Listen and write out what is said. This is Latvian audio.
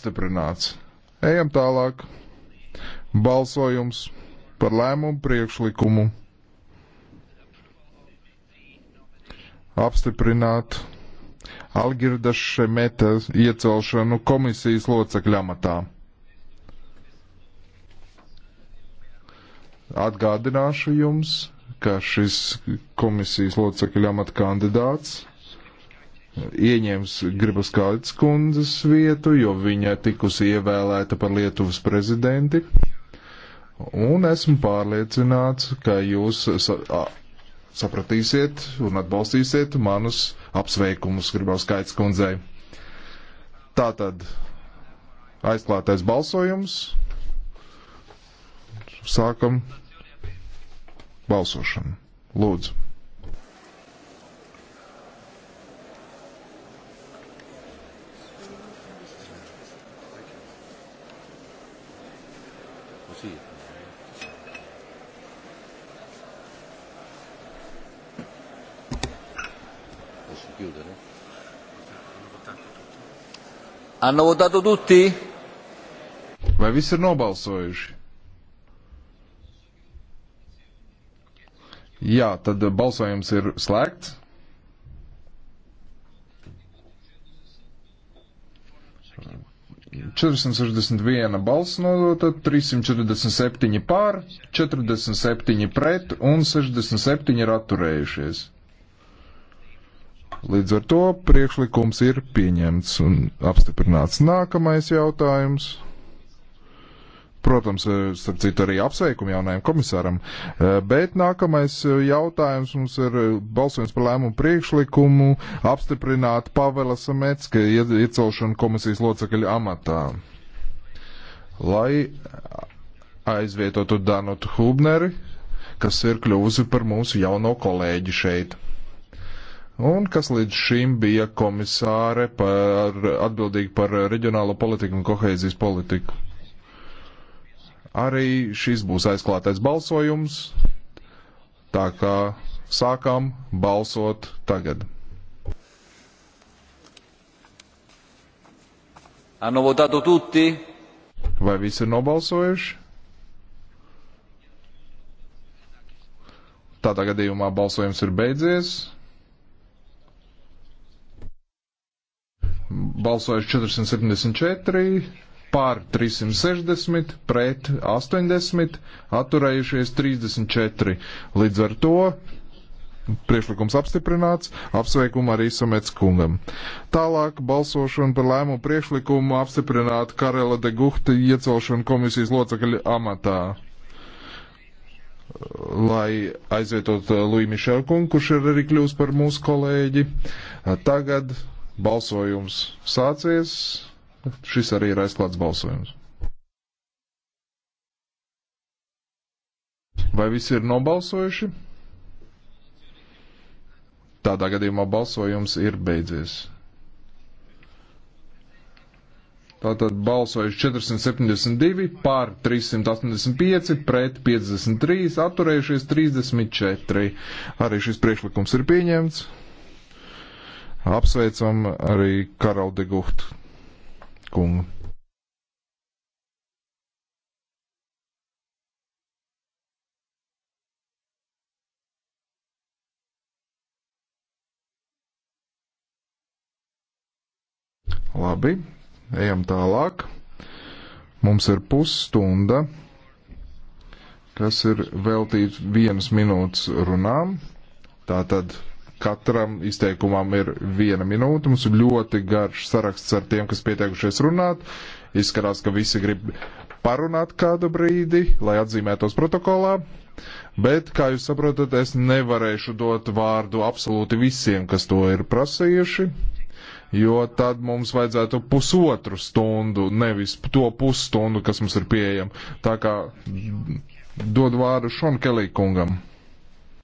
Stiprināts. Ejam tālāk. Balsojums par lēmumu priekšlikumu. Apstiprināt Algirda Šemeta iecelšanu komisijas locekļa amatā. Atgādināšu jums, ka šis komisijas locekļa amata kandidāts ieņems Gribas Kalits kundzes vietu, jo viņa tikusi ievēlēta par Lietuvas prezidenti. Un esmu pārliecināts, ka jūs sapratīsiet un atbalstīsiet manus apsveikumus Gribas Kalits kundzei. Tātad aizklātais balsojums. Sākam balsošanu. Lūdzu. così. Posso chiudere? Hanno votato tutti? Vai visi ir nobalsojuši? Jā, tad balsojums ir slēgts. 461 balss nodota, 347 pār, 47 pret un 67 ir atturējušies. Līdz ar to priekšlikums ir pieņemts un apstiprināts. Nākamais jautājums. Protams, eh, starp citu, arī apsveikumu jaunajam komisāram. Eh, bet nākamais eh, jautājums mums ir balsojums par lēmumu priekšlikumu apstiprināt Pavela Samecka iecelšanu komisijas locekļu amatā. Lai aizvietotu Danutu Hubneri, kas ir kļuvusi par mūsu jauno kolēģi šeit. Un kas līdz šim bija komisāre par, atbildīgi par reģionālo politiku un kohēzijas politiku. Arī šis būs aizklātais balsojums, tā kā sākam balsot tagad. Hanno votato tutti? Vai visi ir nobalsojuši? Tādā gadījumā balsojums ir beidzies. Balsojuši 474 pār 360, pret 80, atturējušies 34. Līdz ar to priekšlikums apstiprināts, apsveikumu arī Samets kungam. Tālāk balsošana par lēmumu priekšlikumu apstiprināt Karela de Guhta iecelšanu komisijas locekļa amatā. Lai aizvietot uh, Lui Mišel kungu, kurš ir arī kļūst par mūsu kolēģi. Tagad balsojums sācies. Šis arī ir aizklāts balsojums. Vai visi ir nobalsojuši? Tādā gadījumā balsojums ir beidzies. Tātad balsojuši 472, pār 385, pret 53, atturējušies 34. Arī šis priekšlikums ir pieņemts. Apsveicam arī Karaldi Guhtu kungu. Labi, ejam tālāk. Mums ir pusstunda, kas ir veltīta vienas minūtes runām. Tātad Katram izteikumam ir viena minūte. Mums ir ļoti garš saraksts ar tiem, kas pieteikušies runāt. Izskatās, ka visi grib parunāt kādu brīdi, lai atzīmētos protokolā. Bet, kā jūs saprotat, es nevarēšu dot vārdu absolūti visiem, kas to ir prasījuši jo tad mums vajadzētu pusotru stundu, nevis to pusstundu, kas mums ir pieejama. Tā kā dod vārdu Šonkelī kungam.